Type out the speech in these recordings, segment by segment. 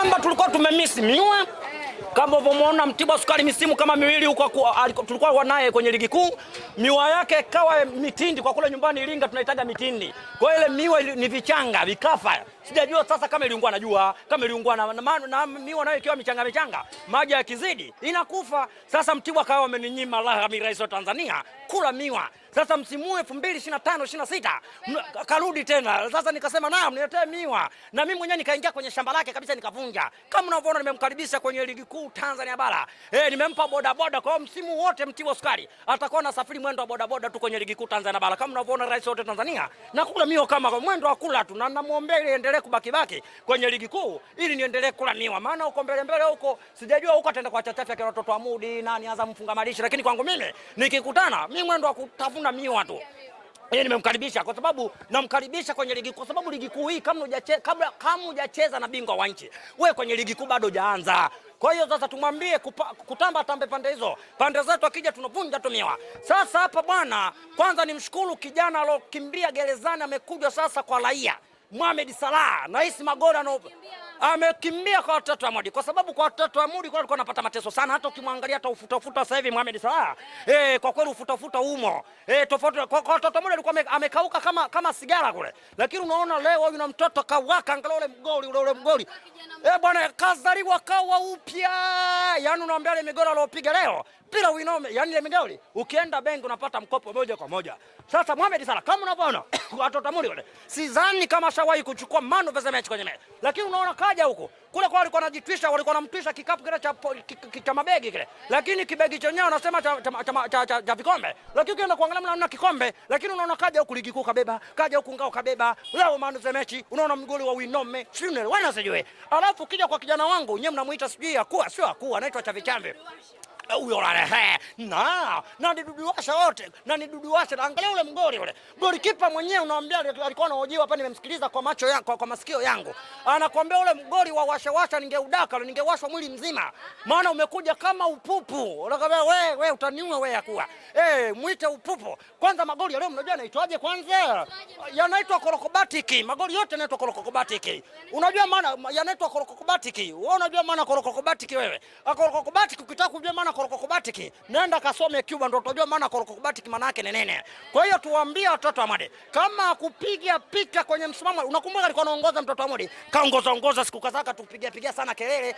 kwamba tulikuwa tumemisi miwa kama ulivyomwona Mtibwa Sukari misimu kama miwili huko tulikuwa naye kwenye ligi kuu, miwa yake kawa mitindi kwa kule nyumbani Iringa tunahitaga mitindi. Kwa ile miwa ni vichanga vikafa, sijajua sasa kama iliungua, najua kama iliungua na, na, na miwa nayo ikiwa michanga michanga, maji yakizidi inakufa. Sasa Mtibwa kawa ameninyima raha mi rais wa Tanzania kula miwa sasa msimu elfu mbili ishirini na tano ishirini na sita karudi tena sasa, nikasema naam, niletee miwa na mimi mwenyewe nikaingia kwenye shamba lake kabisa nikavunja. Kama unavyoona nimemkaribisha kwenye ligi kuu Tanzania bara eh, nimempa bodaboda. Kwa hiyo msimu wote mti wa sukari atakuwa na anasafiri mwendo wa bodaboda tu kwenye ligi kuu Tanzania bara. Kama unavyoona rais wote Tanzania na kula miwa kama kwa mwendo wa kula tu, na namwombea ili endelee kubaki baki kwenye ligi kuu ili niendelee kula miwa, maana huko mbele mbele huko sijajua huko ataenda kwa chachafi akina watoto wa mudi nani Azam mfunga malishi, lakini kwangu mimi nikikutana mimi mwendo wa kutafu hakuna miwa tu. Yeye yaani nimemkaribisha kwa sababu namkaribisha kwenye ligi kwa sababu ligi kuu hii kama hujacheza kabla kama hujacheza na bingwa wa nchi. Wewe kwenye ligi kuu bado hujaanza. Kwa hiyo sasa tumwambie kutamba tambe pande hizo. Pande zetu akija tunavunja tumiwa. Sasa hapa bwana, kwanza nimshukuru kijana alokimbia gerezani amekuja sasa kwa raia. Mohamed Salah, nahisi Magori anaokimbia amekimia kwa watoto wa Mudi, kwa sababu kwa watoto wa Mudi kwa alikuwa anapata mateso sana. Hata ukimwangalia hata ufuta ufuta sasa hivi Mohamed Salah eh, kwa kweli ufuta ufuta umo eh, tofauti kwa, kwa watoto wa Mudi alikuwa amekauka kama kama sigara kule, lakini unaona leo yule mtoto kawaka, angalau ule mgoli ule ule mgoli eh bwana, kazaliwa kawa upya. Yani unaambia ile migoro aliyopiga leo bila winome, yani ile migoli ukienda benki unapata mkopo moja kwa moja. Sasa Mohamed Salah kama unavyoona watoto wa Mudi wale, sidhani kama shawahi kuchukua mano vya mechi kwenye mechi, lakini unaona kaja huko kule kwa walikuwa wanajitwisha, walikuwa wanamtwisha kikapu kile cha cha mabegi kile, lakini kibegi chenyewe wanasema cha cha, cha, cha, cha, cha, vikombe, lakini ukienda kuangalia mnaona kikombe, lakini unaona kaja huku ligi kuu kabeba, kaja huku ngao kabeba, leo man of the match, unaona mgoli wa Winome, sijui wana wanasijui. Alafu kija kwa kijana wangu nyewe mnamuita sijui, akua, sio akua, anaitwa chavichambe huyo na na niduduwasha wote na niduduwasha. Angalia ule mgori ule gori kipa mwenyewe unaambia, alikuwa anahojiwa hapa, nimemsikiliza kwa macho yangu, kwa, masikio yangu, anakuambia ule mgori wa washa washawasha, ningeudaka ningewashwa mwili mzima, maana umekuja kama upupu. Unakwambia we we utaniua we, yakuwa eh, mwite upupu. Kwanza magoli leo mnajua yanaitwaje? Kwanza yanaitwa korokobatiki, magoli yote yanaitwa korokobatiki. Unajua maana yanaitwa korokobatiki, wewe unajua maana korokobatiki, wewe korokobatiki ukitaka kujua maana korokokbatiki, nenda kasome Cuba ndio utajua maana korokokbatiki maana yake ni nini. Kwa hiyo tuwaambie watoto wa Madi kama kupiga pika kwenye msimamo, unakumbuka alikuwa anaongoza mtoto wa Madi, kaongoza ongoza siku kadhaa, katupigia pigia sana kelele,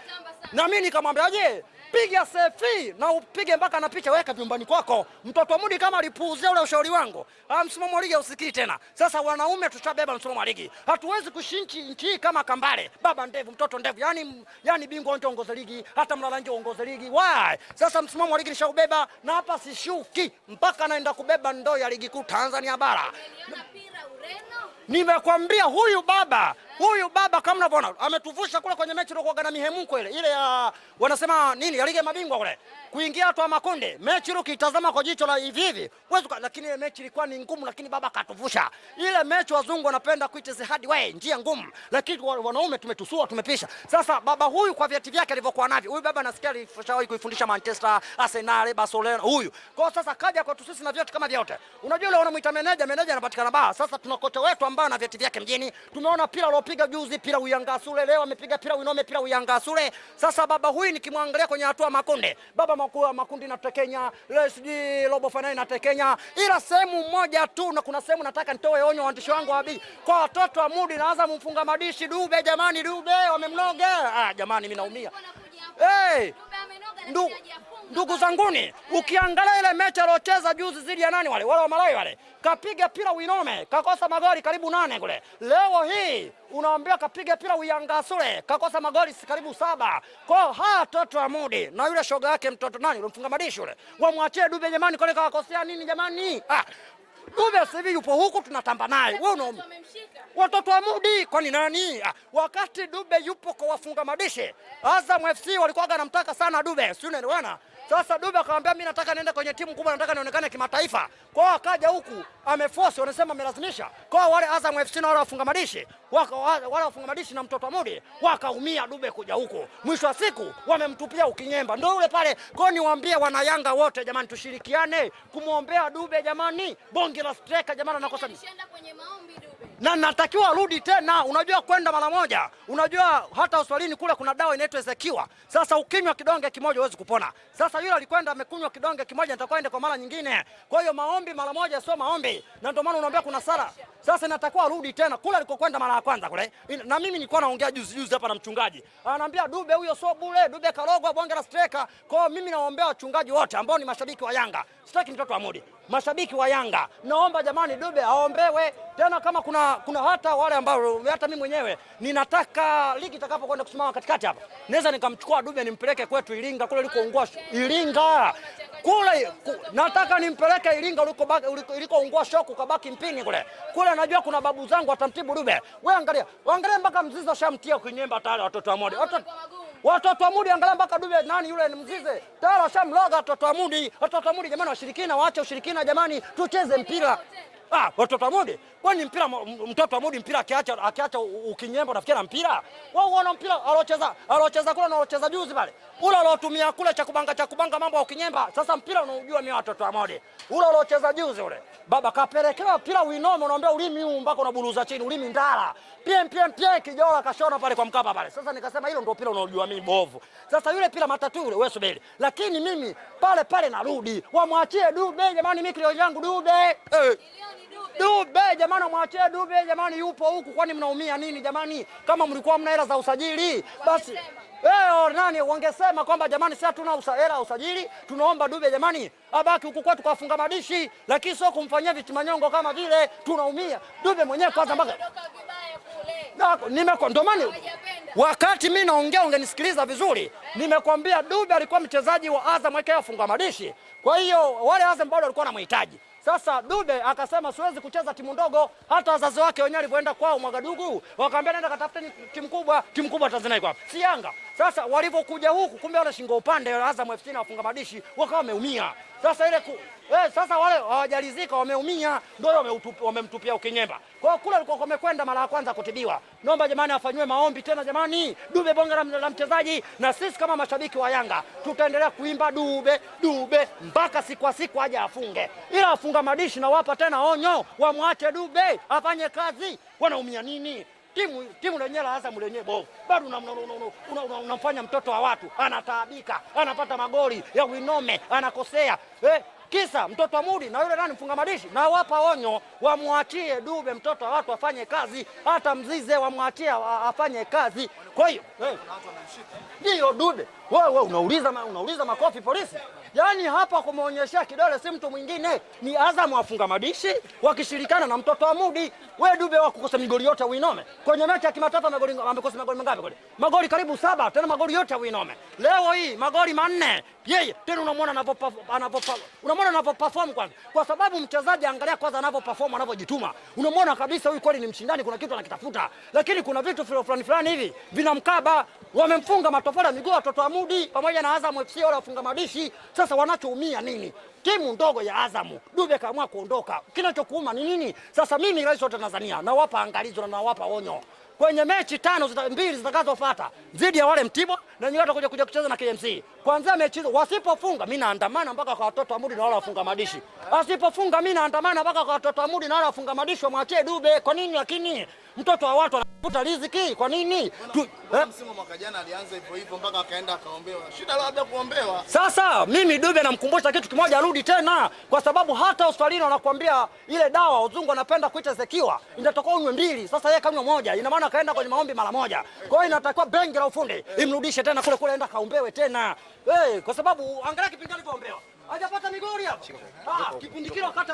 na mimi nikamwambia je, piga sefi na upige mpaka na picha weka nyumbani kwako. Mtoto wa Madi kama alipuuzia ule ushauri wangu, ah, msimamo wa ligi usikii tena. Sasa wanaume tutabeba msimamo wa ligi, hatuwezi kushinchi nchi kama kambale, baba ndevu mtoto ndevu, yani yani bingwa ongoza ligi, hata mlalanje ongoza ligi. Why? Sasa sasa msimamo wa ligi nishaubeba na hapa sishuki mpaka naenda kubeba ndoo ya ligi kuu Tanzania bara. Nimekwambia huyu baba Huyu baba kama unavyoona ametuvusha kule kwenye mechi ilikuwa na mihemko ile ile ya wanasema nini ya ligi ya mabingwa kule. Kuingia watu wa makonde. Mechi ile ukitazama kwa jicho la hivi hivi. Wewe lakini ile mechi ilikuwa ni ngumu lakini baba katuvusha. Ile mechi wazungu wanapenda kuita the hard way, njia ngumu. Lakini wanaume tumetusua, tumepisha. Sasa baba huyu kwa viatu vyake alivyokuwa navyo. Huyu baba nasikia alishawahi kuifundisha Manchester, Arsenal, Barcelona huyu. Kwa sasa kaja kwa sisi na viatu kama vyote. Unajua leo wanamuita meneja, meneja anapatikana baa. Sasa tuna kocha wetu ambaye ana viatu vyake mjini. Tumeona pila alopiga juzi pira uyangasule, leo amepiga pira uinome pira uyangasule. Sasa baba huyu nikimwangalia kwenye hatua makunde, baba makuu makundi tekenya leo sijui robo na tekenya ila sehemu moja tu, na kuna sehemu nataka nitoe onyo waandishi wangu wa kwa watoto wa Mudi na Azam, mfunga madishi Dube. Jamani, Dube wamemnoga. Ah, jamani mimi naumia. Hey, Ndugu zanguni, ukiangalia ile mechi aliocheza juzi zidi ya nani wale wale wa Malawi wale, kapiga pira winome, kakosa magoli karibu nane kule. Leo hii unaambia kapiga pira uyangasule, kakosa magoli karibu saba. Kwa ha wa Mudi na yule shoga yake mtoto nani ulimfunga madishi yule, wamwachie Dube jamani, kwani kawakosea nini jamani? Ah, Dube sivi yupo huku tunatamba naye, wewe unaona watoto wa Mudi kwani nani? Ah, wakati Dube yupo kwa wafunga madishi Azam FC walikuwa wanamtaka sana Dube, si unaelewana? Sasa Dube akamwambia mimi nataka niende kwenye timu kubwa, nataka nionekane kimataifa. Kwa hiyo akaja huku ameforce, wanasema amelazimisha. Kwa hiyo wale Azam FC na wale wafunga madishi, wale wafunga madishi na mtoto Amudi wakaumia Dube kuja huku. Mwisho wa siku wamemtupia ukinyemba. Ndio yule pale. Kwa hiyo niwaambie wana Yanga wote jamani tushirikiane kumwombea Dube jamani. Bonge la striker jamani anakosa. Anaenda kwenye maombi Dube na natakiwa arudi tena. Unajua kwenda mara moja, unajua hata hospitalini kule kuna dawa inaitwa Ezekiwa. Sasa ukinywa kidonge kimoja huwezi kupona. Sasa yule alikwenda amekunywa kidonge kimoja, nitakuwa nitakwenda kwa mara nyingine. Kwa hiyo maombi mara moja sio maombi, na ndio maana unaambia kuna sala. Sasa natakiwa arudi tena kule alikokwenda mara ya kwanza kule, na mimi nilikuwa naongea juzi juzi hapa na mchungaji ananiambia, Dube huyo sio bure, Dube karogwa bonge la striker. Kwa hiyo mimi naombea wachungaji wote ambao ni mashabiki wa Yanga, sitaki mtoto amudi mashabiki wa Yanga, naomba jamani, Dube aombewe tena. Kama kuna, kuna hata wale ambao hata mimi mwenyewe ninataka ligi itakapokwenda kusimama katikati hapa, naweza nikamchukua Dube nimpeleke kwetu Iringa kule ilikoungua Iringa kule ku, nataka nimpeleke Iringa ilikoungua shoku kabaki mpini kule kule, najua kuna babu zangu atamtibu Dube. Wewe angalia, angalia mpaka mzizi shamtia kinyemba tayari, watoto wa mode watoto watoto wa Mudi angalia mpaka Dube nani yule mzize tayari washamloga watoto wa Mudi. Watoto wa Mudi jamani, washirikina waache ushirikina jamani, tucheze mpira. Ah, watoto wa Mudi, ni mpira mtoto wa Mudi mpira akiacha akiacha ukinyemba nafikia na mpira. Wao unaona mpira alocheza, alocheza kule na alocheza juzi pale. Ule alotumia kule cha kubanga cha kubanga mambo ya ukinyemba. Sasa mpira unaujua mimi watoto wa Mudi. Ule alocheza juzi ule. Baba kapelekewa mpira uinome unaambia ulimi huu mpaka unaburuza chini, ulimi ndala. Piem piem piem kijola kashona pale kwa Mkapa pale. Sasa nikasema hilo ndio mpira unaojua mimi bovu. Sasa yule mpira matatu yule wewe subiri. Lakini mimi pale pale narudi. Wamwachie Dube jamani, mimi kilio yangu Dube. Eh. Hey. Dube jamani, mwachie Dube jamani, yupo huku. Kwani mnaumia nini jamani? Kama mlikuwa mna hela za usajili basi Leo eh, nani wangesema kwamba jamani, sasa tuna hela usajili, tunaomba Dube jamani abaki huku kwetu kafunga madishi, lakini sio kumfanyia vitimanyongo kama vile. Tunaumia Dube mwenyewe kwanza, mpaka nimeko ndo maana wakati mimi naongea ungenisikiliza vizuri. Eh. Nimekwambia Dube alikuwa mchezaji wa Azam ekea madishi, kwa hiyo wale Azam bado walikuwa wanamhitaji. Sasa Dube akasema siwezi kucheza timu ndogo. Hata wazazi wake wenyewe walipoenda kwao Mwagadugu wakamwambia nenda katafute timu kubwa, timu kubwa Tanzania iko hapa, si Yanga. Sasa walivyokuja huku, kumbe wale shingo upande Azam FC na wafunga madishi wakawa wameumia. Sasa ile ku, eh, sasa wale hawajalizika wameumia, ndio wamemtupia ukinyemba. Kwa hiyo kule alikuwa amekwenda mara ya kwanza kutibiwa. Naomba jamani afanywe maombi tena jamani, dube bonge la mchezaji, na sisi kama mashabiki wa Yanga tutaendelea kuimba dube dube mpaka siku siku aje afunge, ila afunga madishi na wapa tena onyo, wamwache dube afanye kazi. Wanaumia nini? timu timu lenyewe la Azam lenyewe bovu bado unamfanya mtoto wa watu anataabika, anapata magoli ya winome, anakosea eh. Kisa mtoto wa Mudi na yule nani mfunga madishi, na wapa onyo, wamwachie Dube mtoto wa watu afanye kazi, hata Mzize wamwachie afanye kazi. Kwa hiyo eh, ndiyo Dube wewe unauliza, unauliza makofi polisi. Yaani hapa kumwonyeshea kidole si mtu mwingine, ni Azamu wafunga madishi wakishirikiana na mtoto wa Mudi. We Dube wa kukosa migoli yote winome. kwenye mechi ya kimataifa, magoli amekosa magoli mangapi kule? Magoli karibu saba, tena magoli yote winome. Leo hii magoli manne, yeye tena unamwona anapopa anapopa unamwona anapoperform kwanza, kwa sababu mchezaji angalia kwanza anapoperform anapojituma, unamwona kabisa huyu kweli ni mshindani, kuna kitu anakitafuta, lakini kuna vitu fulani fulani hivi vinamkaba. Wamemfunga matofali ya miguu watoto wa Mudi pamoja na Azam FC, wale wafunga madishi. Sasa wanachoumia nini? Timu ndogo ya Azamu, Dube kaamua kuondoka. Kinachokuuma ni nini? Sasa mimi rais wa Tanzania nawapa angalizo na nawapa onyo kwenye mechi tano zita, mbili zitakazofuata dhidi ya wale Mtibwa na nyingine watakuja kuja kucheza na KMC. Kwanza mechi hizo wasipofunga, mimi naandamana mpaka kwa watoto wa Mudi na wale wafunga madishi. Wasipofunga, mimi naandamana mpaka kwa watoto wa Mudi na wale wafunga madishi, wamwachie Dube. Kwa nini? Lakini mtoto wa watu tafuta riziki kwa nini? Msimu eh. mwaka jana alianza hivyo hivyo mpaka akaenda akaombewa. Shida labda kuombewa. Sasa mimi Dube namkumbusha kitu kimoja, arudi tena, kwa sababu hata Australia wanakuambia ile dawa uzungu anapenda kuita zekiwa inatakiwa unywe mbili. Sasa yeye kanywa moja, ina maana akaenda kwenye maombi mara moja. Kwa hiyo inatakiwa benki la ufundi imrudishe tena kule kule, aenda kaombewe tena hey, kwa sababu angalia kipindi alipoombewa. hajapata migori hapa, ah, kipindi kile wakati